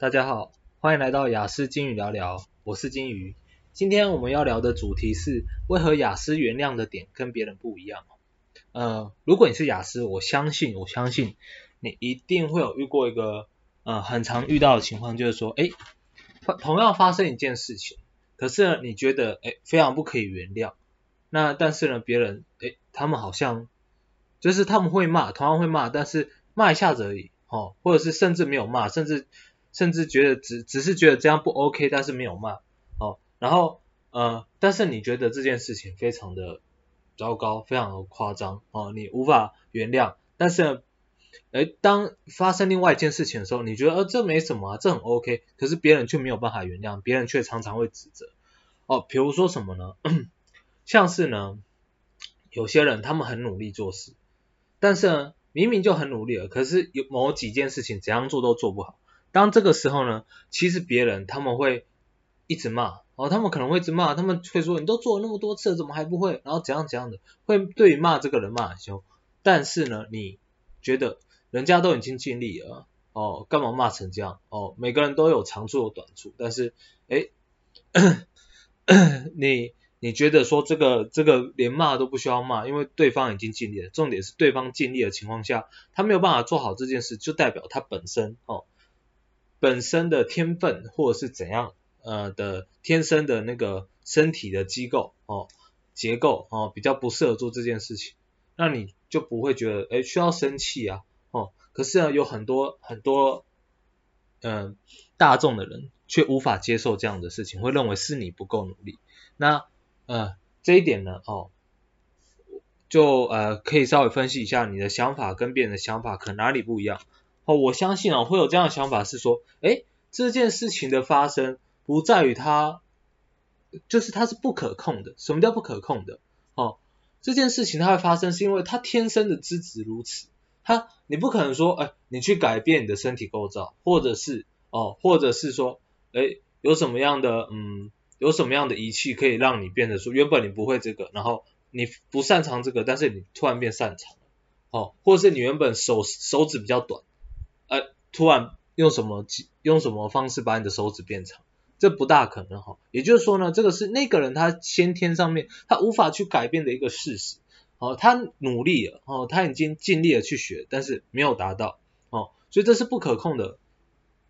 大家好，歡迎來到亞斯金魚聊聊，我是金魚。今天我們要聊的主題是，為何亞斯原諒的點跟別人不一樣？呃，如果你是亞斯，我相信，我相信你一定會有遇過一個，呃，很常遇到的情況，就是說，誒，同樣發生一件事情，可是呢，你覺得，誒，非常不可以原諒。那但是呢，別人，誒，他們好像，就是他們會罵，同樣會罵，但是罵一下子而已，哦，或者是甚至沒有罵，甚至。甚至覺得只只是覺得這樣不 OK，但是沒有罵哦。然後呃，但是你覺得這件事情非常的糟糕，非常的誇張哦，你無法原諒。但是呢，哎，當發生另外一件事情的時候，你覺得呃這沒什麼啊，這很 OK，可是別人卻沒有辦法原諒，別人卻常常會指責哦。比如說什麼呢？像是呢，有些人他們很努力做事，但是呢，明明就很努力了，可是有某幾件事情怎樣做都做不好。當這個時候呢，其實別人他們會一直罵，哦，他們可能會一直罵，他們會說，你都做了那麼多次了，怎麼還不會？然後怎樣怎樣的，會對罵這個人罵很兇。但是呢，你覺得人家都已經盡力了，哦，幹嘛罵成這樣？哦，每個人都有長處有短處，但是，哎，你你覺得說，這個這個連罵都不需要罵，因為對方已經盡力了。重點是對方盡力的情況下，他沒有辦法做好這件事，就代表他本身，哦。本身的天分或者是怎樣，呃的天生的那個身體的機構哦結構哦比較不適合做這件事情，那你就不會覺得哎需要生氣啊哦。可是呢，有很多很多嗯大眾的人卻無法接受這樣的事情，會認為是你不夠努力。那嗯這一點呢哦就呃可以稍微分析一下你的想法跟別人的想法可能哪裡不一樣。哦，我相信啊、哦，會有這樣的想法是說，哎，這件事情的發生不在於它，就是它是不可控的。什麼叫不可控的？哦，這件事情它會發生，是因為它天生的資質如此。它，你不可能說，哎，你去改變你的身體構造，或者是，哦，或者是說，哎，有什麼樣的，嗯，有什麼樣的儀器可以讓你變得說，原本你不會這個，然後你不擅長這個，但是你突然變擅長了。哦，或者是你原本手手指比較短。突然用什麼用什麼方式把你的手指變長，這不大可能哈、哦。也就是說呢，這個是那個人他先天上面他無法去改變的一個事實。好、哦，他努力了哦，他已經盡力了去學，但是沒有達到哦，所以這是不可控的，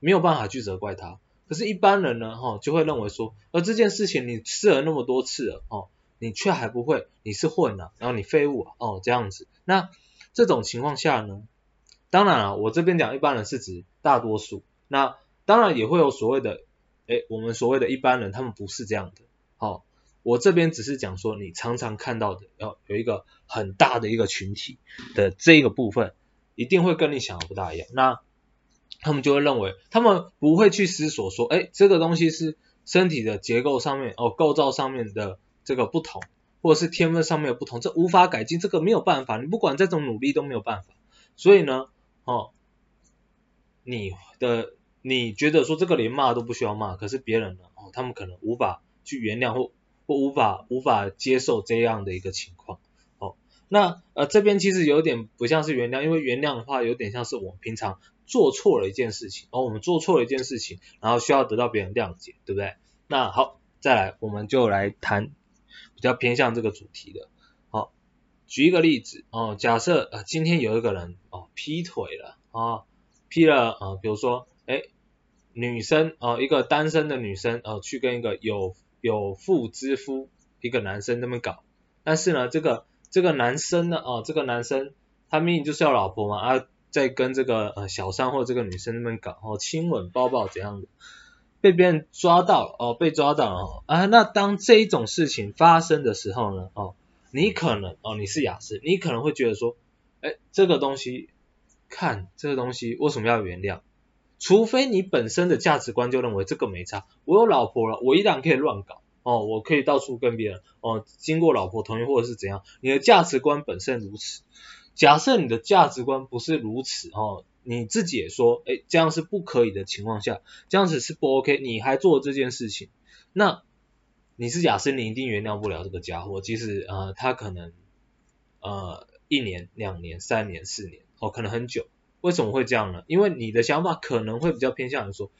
沒有辦法去責怪他。可是，一般人呢，哈、哦，就會認為說，而這件事情你試了那麼多次了哦，你卻還不會，你是混啊，然後你廢物、啊、哦，這樣子。那這種情況下呢？當然了、啊，我這邊講一般人是指大多數。那當然也會有所謂的，誒，我們所謂的一般人，他們不是這樣的。好、哦，我這邊只是講說，你常常看到的，然、哦、有一個很大的一個群體的這個部分，一定會跟你想的不大一樣。那他們就會認為，他們不會去思索說，誒，這個東西是身體的結構上面哦，構造上面的這個不同，或者是天分上面的不同，這無法改進，這個沒有辦法，你不管再怎麼努力都沒有辦法。所以呢。哦，你的你覺得說這個連罵都不需要罵，可是別人呢，哦，他們可能無法去原諒或或無法無法接受這樣的一個情況。哦，那呃這邊其實有點不像是原諒，因為原諒的話有點像是我們平常做錯了一件事情，哦，我們做錯了一件事情，然後需要得到別人諒解，對不對？那好，再來我們就來談比較偏向這個主題的。舉一個例子哦，假設啊、呃，今天有一個人哦，劈腿了啊、哦，劈了啊、呃，比如說，哎，女生哦、呃，一個單身的女生哦、呃，去跟一個有有婦之夫，一個男生那麼搞，但是呢，這個這個男生呢，哦，這個男生他明明就是要老婆嘛，啊，在跟這個呃小三或這個女生那邊搞，哦，親吻、抱抱怎樣的，被別人抓到了哦，被抓到了、哦、啊，那當這一種事情發生的時候呢，哦。你可能哦，你是亞斯，你可能會覺得說，哎，這個東西，看這個東西為什麼要原諒？除非你本身的價值觀就認為這個沒差，我有老婆了，我依然可以亂搞，哦，我可以到處跟別人，哦，經過老婆同意或者是怎樣，你的價值觀本身如此。假設你的價值觀不是如此，哦，你自己也說，哎，這樣是不可以的情況下，這樣子是不 OK，你還做這件事情，那。你是亞斯，你一定原諒不了這個家伙，其實呃他可能呃一年、兩年、三年、四年，哦，可能很久。為什麼會這樣呢？因為你的想法可能會比較偏向於說，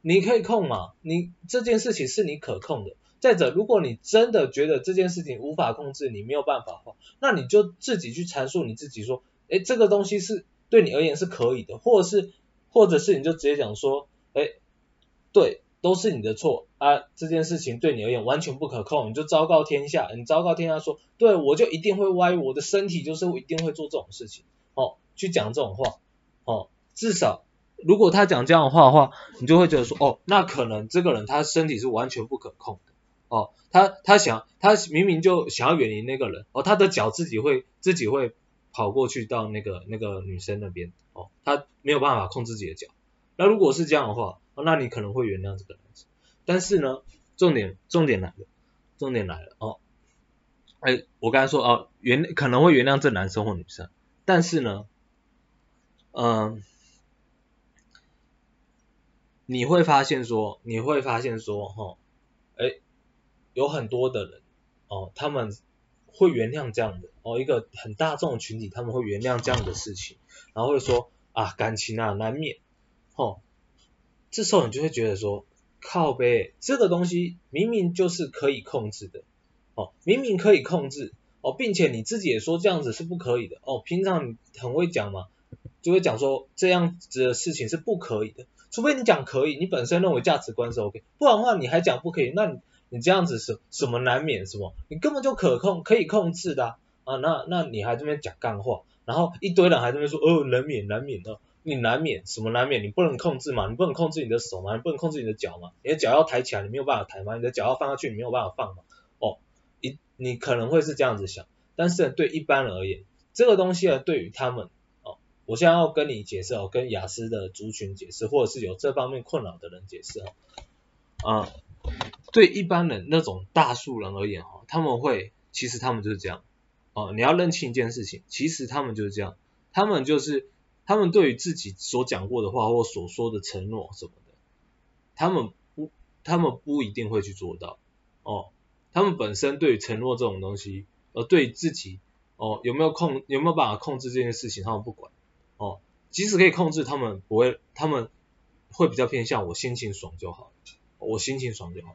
你可以控嘛，你這件事情是你可控的。再者，如果你真的覺得這件事情無法控制，你沒有辦法的話，那你就自己去闡述你自己說，哎，這個東西是對你而言是可以的，或者是或者是你就直接講說，哎，對。都是你的錯啊！這件事情對你而言完全不可控，你就昭告天下，你昭告天下說，對，我就一定會歪，我的身體就是一定會做這種事情，哦，去講這種話，哦，至少如果他講這樣的話的話，你就會覺得說，哦，那可能這個人他身體是完全不可控的，哦，他他想他明明就想要遠離那個人，哦，他的腳自己會自己會跑過去到那個那個女生那邊，哦，他沒有辦法控制自己的腳，那如果是這樣的話，那你可能會原諒這個男生，但是呢，重點重點來了，重點來了哦，哎，我剛才說哦，原可能會原諒這男生或女生，但是呢，嗯、呃，你會發現說，你會發現說，哦，哎，有很多的人哦，他們會原諒這樣的哦，一個很大眾群體他們會原諒這樣的事情，然後會說啊，感情啊，難免，哦。這時候你就會覺得說，靠杯，這個東西明明就是可以控制的，哦，明明可以控制，哦，並且你自己也說這樣子是不可以的，哦，平常你很會講嘛，就會講說這樣子的事情是不可以的，除非你講可以，你本身認為價值觀是 OK，不然的話你還講不可以，那你，你這樣子什麼什麼難免什麼，你根本就可控可以控制的啊，啊，那那你還這邊講幹話，然後一堆人還這邊說哦難免難免的、啊。你難免什麼難免？你不能控制嘛？你不能控制你的手嘛？你不能控制你的腳嘛？你的腳要抬起來，你沒有辦法抬嘛？你的腳要放下去，你沒有辦法放嘛？哦，你你可能會是這樣子想，但是對一般人而言，這個東西呢，對於他們哦，我現在要跟你解釋哦，跟亞斯的族群解釋，或者是有這方面困擾的人解釋啊，嗯，對一般人那種大數人而言哦，他們會其實他們就是這樣哦，你要認清一件事情，其實他們就是這樣，他們就是。他們對於自己所講過的話或所說的承諾什麼的，他們不，他們不一定會去做到。哦，他們本身對於承諾這種東西，呃，對於自己哦有沒有控有沒有辦法控制這件事情，他們不管。哦，即使可以控制，他們不會，他們會比較偏向我心情爽就好，我心情爽就好。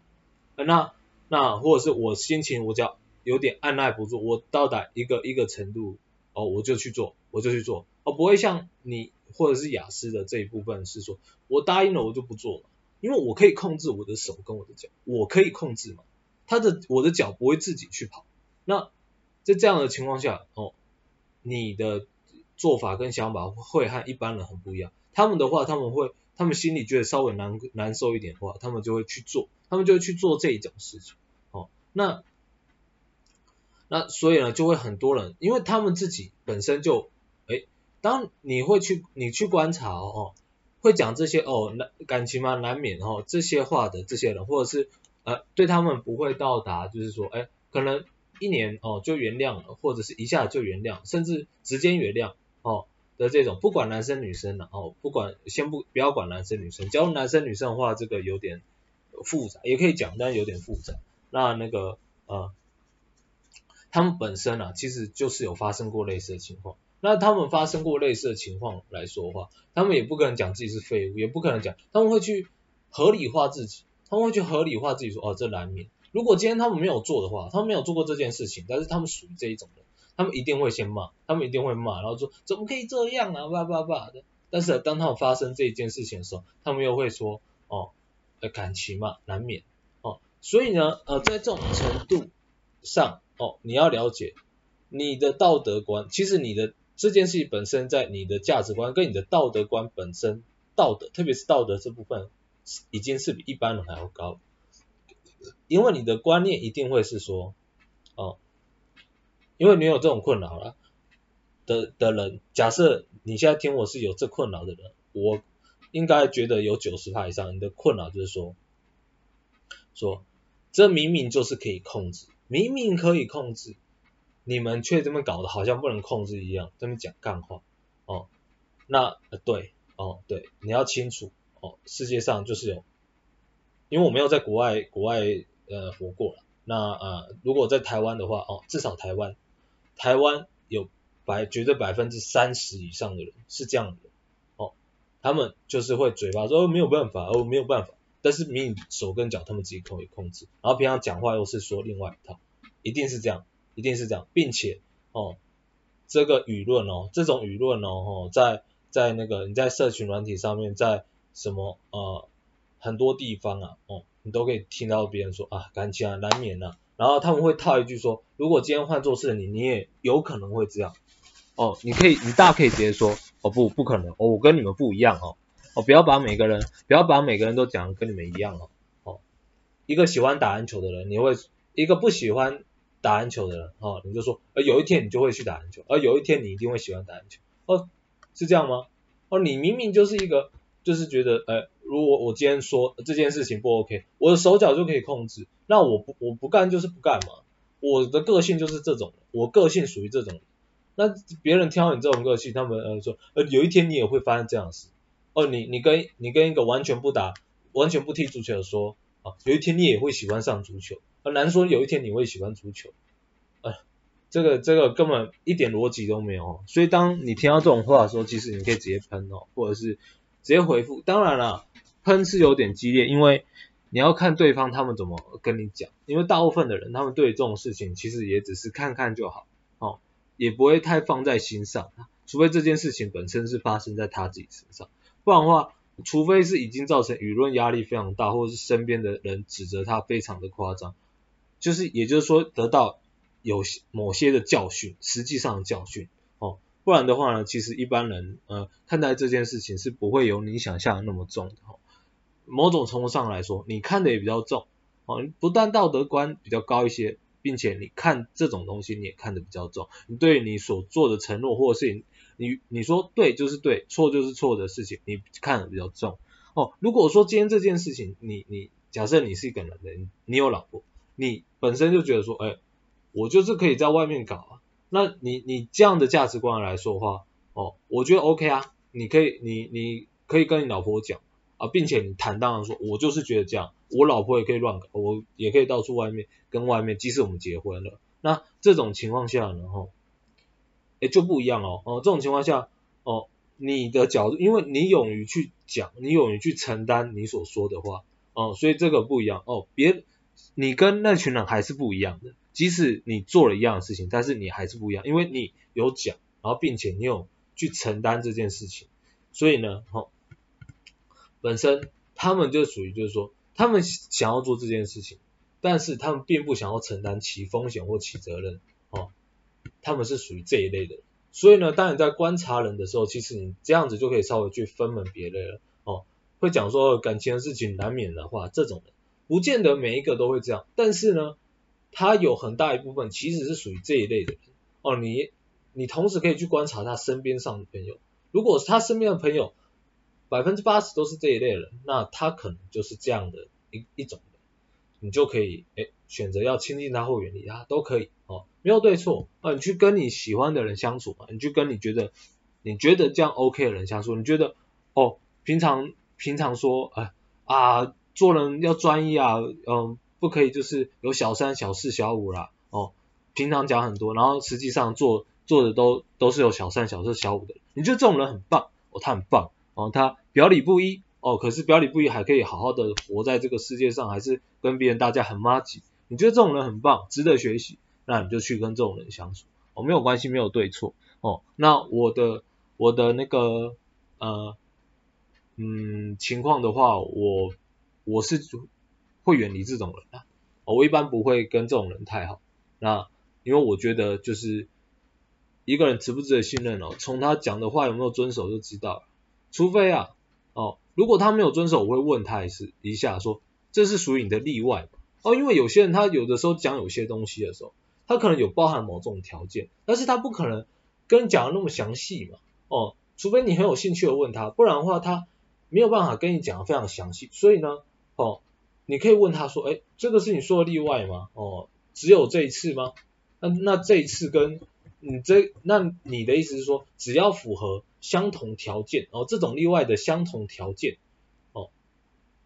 那那或者是我心情我就有點按捺不住，我到達一個一個程度哦，我就去做，我就去做。哦，不會像你或者是亞斯的這一部分是說，我答應了我就不做了，因為我可以控制我的手跟我的腳，我可以控制嘛，他的我的腳不會自己去跑。那在這樣的情況下，哦，你的做法跟想法會和一般人很不一樣。他們的話，他們會，他們心裡覺得稍微難難受一點的話，他們就會去做，他們就會去做這一種事情。哦，那那所以呢，就會很多人，因為他們自己本身就。當你會去，你去觀察哦，會講這些哦難感情嘛，難免哦這些話的這些人，或者是呃對他們不會到達，就是說哎可能一年哦就原諒了，或者是一下就原諒，甚至直接原諒哦的這種，不管男生女生，啊，了哦，不管先不不要管男生女生，假如男生女生的話，這個有點複雜，也可以講，但是有點複雜。那那個呃他們本身啊，其實就是有發生過類似的情況。那他們發生過類似的情況來說的話，他們也不可能講自己是廢物，也不可能講，他們會去合理化自己，他們會去合理化自己說哦，這難免。如果今天他們沒有做的話，他們沒有做過這件事情，但是他們屬於這一種人，他們一定會先罵，他們一定會罵，然後說怎麼可以這樣啊，叭叭叭的。但是當他們發生這一件事情的時候，他們又會說哦，呃，感情嘛，難免。哦，所以呢，呃，在這種程度上，哦，你要了解你的道德觀，其實你的。這件事本身在你的價值觀跟你的道德觀本身，道德，特別是道德這部分，已經是比一般人還要高。因為你的觀念一定會是說，哦，因為你有這種困擾了的的人，假設你現在聽我是有這困擾的人，我應該覺得有九十趴以上，你的困擾就是說，說，這明明就是可以控制，明明可以控制。你們卻這邊搞得好像不能控制一樣，這邊講幹話哦。那、呃、對哦對，你要清楚哦，世界上就是有，因為我沒有在國外國外呃活過啦，那呃如果在台灣的話哦，至少台灣台灣有百絕對百分之三十以上的人是這樣的哦，他們就是會嘴巴說、哦、沒有辦法，哦沒有辦法，但是你明手跟腳他們自己可以控制，然後平常講話又是說另外一套，一定是這樣。一定是這樣，並且哦，這個輿論哦，這種輿論哦，哦，在在那個你在社群軟體上面，在什麼呃很多地方啊，哦，你都可以聽到別人說啊，感情啊難免吶、啊，然後他們會套一句說，如果今天換做是你，你也有可能會這樣，哦，你可以，你大可以直接說，哦不不可能，哦，我跟你們不一樣哦，哦不要把每個人不要把每個人都講跟你們一樣哦，哦一個喜歡打籃球的人，你會一個不喜歡。打籃球的人啊、哦，你就說，呃，有一天你就會去打籃球，而、呃、有一天你一定會喜歡打籃球，哦，是這樣嗎？哦，你明明就是一個，就是覺得，呃，如果我今天說、呃、這件事情不 OK，我的手腳就可以控制，那我不我不幹就是不幹嘛，我的個性就是這種，我個性屬於這種，那別人挑你這種個性，他們、呃、說，呃，有一天你也會發生這樣的事，哦，你你跟你跟一個完全不打，完全不踢足球的說，哦、啊，有一天你也會喜歡上足球。很難說有一天你會喜歡足球，呃，這個這個根本一點邏輯都沒有哦。所以當你聽到這種話的時候，其實你可以直接噴哦，或者是直接回復。當然了，噴是有點激烈，因為你要看對方他們怎麼跟你講。因為大部分的人，他們對於這種事情其實也只是看看就好，哦，也不會太放在心上。除非這件事情本身是發生在他自己身上，不然的話，除非是已經造成輿論壓力非常大，或者是身邊的人指責他非常的誇張。就是，也就是說，得到有某些的教訓，實際上的教訓哦，不然的話呢，其實一般人呃看待這件事情是不會有你想象的那麼重的，哦。某種程度上來說，你看的也比較重哦，不但道德觀比較高一些，並且你看這種東西你也看得比較重，你對你所做的承諾或者是你你，你說對就是對，錯就是錯的事情，你看的比較重哦。如果說今天這件事情，你你假設你是一個男人，你有老婆。你本身就覺得說，哎，我就是可以在外面搞，啊。那你你這樣的價值觀來說的話，哦，我覺得 OK 啊，你可以你你可以跟你老婆講啊，並且你坦蕩的說，我就是覺得這樣，我老婆也可以亂搞，我也可以到處外面跟外面，即使我們結婚了，那這種情況下呢，吼、哦，誒就不一樣哦，哦，這種情況下，哦你的角度，因為你勇於去講，你勇於去承擔你所說的話，哦，所以這個不一樣哦，別。你跟那群人還是不一樣的，即使你做了一樣的事情，但是你還是不一樣，因為你有講，然後並且你有去承擔這件事情，所以呢，哈、哦，本身他們就屬於就是說，他們想要做這件事情，但是他們並不想要承擔其風險或其責任，哦，他們是屬於這一類的，所以呢，當你在觀察人的時候，其實你這樣子就可以稍微去分門別類了，哦，會講說、哦、感情的事情難免的話，這種的不見得每一個都會這樣，但是呢，他有很大一部分其實是屬於這一類的人哦。你，你同時可以去觀察他身邊上的朋友，如果是他身邊的朋友，百分之八十都是這一類的人，那他可能就是這樣的一一種人，你就可以誒選擇要親近他或遠離他都可以哦，沒有對錯啊，你去跟你喜歡的人相處嘛，你去跟你覺得你覺得這樣 OK 的人相處，你覺得哦，平常平常說啊、哎、啊。做人要專一啊，嗯，不可以就是有小三、小四、小五啦。哦。平常講很多，然後實際上做做的都都是有小三、小四、小五的。你覺得這種人很棒，哦，他很棒，哦，他表裡不一，哦，可是表裡不一還可以好好的活在這個世界上，還是跟別人大家很麻吉。你覺得這種人很棒，值得學習，那你就去跟這種人相處，哦，沒有關係，沒有對錯，哦。那我的我的那個呃嗯情況的話，我。我是會遠離這種人啊，我一般不會跟這種人太好。那因為我覺得就是一個人值不值得信任哦，從他講的話有沒有遵守就知道，除非啊，哦，如果他沒有遵守，我會問他一次一下說，這是屬於你的例外。哦，因為有些人他有的時候講有些東西的時候，他可能有包含某種條件，但是他不可能跟你講的那麼詳細嘛。哦，除非你很有興趣的問他，不然的話他沒有辦法跟你講的非常詳細。所以呢。哦，你可以問他說，哎，這個是你說的例外嗎？哦，只有這一次嗎？那那這一次跟你這，那你的意思是說，只要符合相同條件，哦，這種例外的相同條件，哦，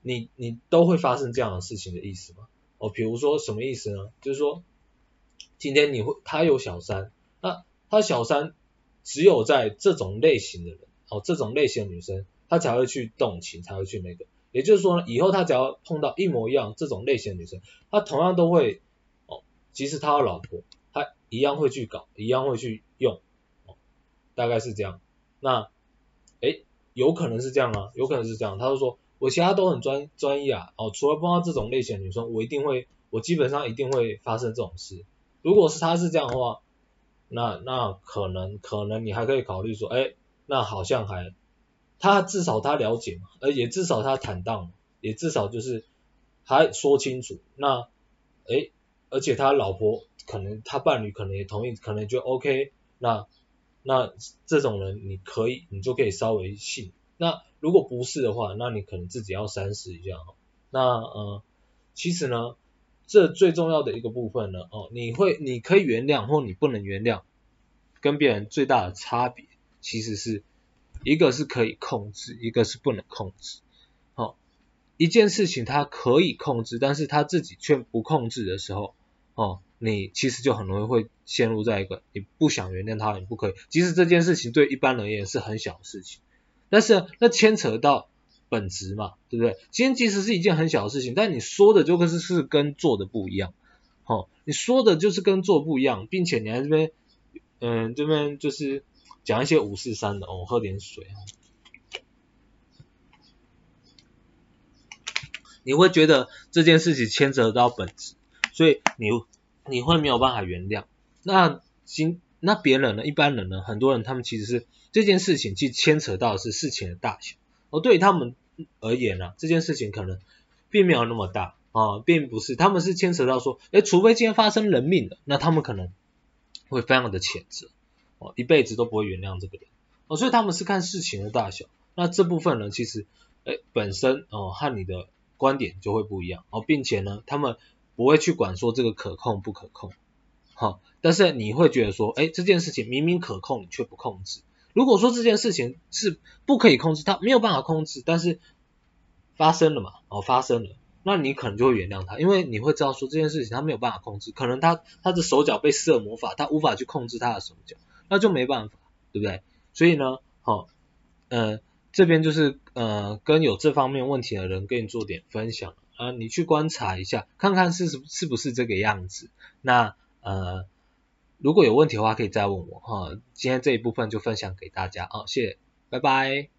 你你都會發生這樣的事情的意思嗎？哦，比如說什麼意思呢？就是說，今天你會他有小三，那他小三只有在這種類型的人，哦，這種類型的女生，她才會去動情，才會去那個。也就是說呢，以後他只要碰到一模一樣這種類型的女生，他同樣都會哦，即使他有老婆，他一樣會去搞，一樣會去用，哦、大概是這樣。那，哎，有可能是這樣啊，有可能是這樣。他就說我其他都很專專業啊，哦，除了碰到這種類型的女生，我一定會，我基本上一定會發生這種事。如果是他是這樣的話，那那可能可能你還可以考慮說，哎，那好像還。他至少他了解嘛，而也至少他坦蕩，也至少就是還說清楚。那，誒，而且他老婆可能他伴侶可能也同意，可能就 OK 那。那那這種人你可以，你就可以稍微信。那如果不是的話，那你可能自己要三思一下。那呃，其實呢，這最重要的一個部分呢，哦，你會你可以原諒或你不能原諒，跟別人最大的差別其實是。一個是可以控制，一個是不能控制。好、哦，一件事情他可以控制，但是他自己卻不控制的時候，哦，你其實就很容易會陷入在一個你不想原諒他，你不可以。即使這件事情對一般人也是很小的事情，但是呢那牽扯到本質嘛，對不對？今天即使是一件很小的事情，但你說的就是是跟做的不一樣。哦，你說的就是跟做不一樣，並且你在這邊，嗯，這邊就是。講一些五四三的，我喝點水。你會覺得這件事情牽扯到本質，所以你你會沒有辦法原諒。那今那別人呢？一般人呢？很多人他們其實是這件事情，去牽扯到的是事情的大小，而對於他們而言呢，啊，這件事情可能並沒有那麼大啊，並不是，他們是牽扯到說，哎，除非今天發生人命了，那他們可能會非常的譴責。哦，一輩子都不會原諒這個人哦，所以他們是看事情的大小，那這部分呢其實，哎，本身哦和你的觀點就會不一樣哦，並且呢，他們不會去管說這個可控不可控，好，但是你會覺得說，哎，這件事情明明可控，你卻不控制。如果說這件事情是不可以控制，他沒有辦法控制，但是發生了嘛，哦，發生了，那你可能就會原諒他，因為你會知道說這件事情他沒有辦法控制，可能他他的手腳被施了魔法，他無法去控制他的手腳。那就沒辦法，對不對？所以呢，好、哦，呃，這邊就是呃，跟有這方面問題的人跟你做點分享啊，你去觀察一下，看看是是是不是這個樣子。那呃，如果有問題的話，可以再問我哈、哦。今天這一部分就分享給大家啊、哦，謝謝，拜拜。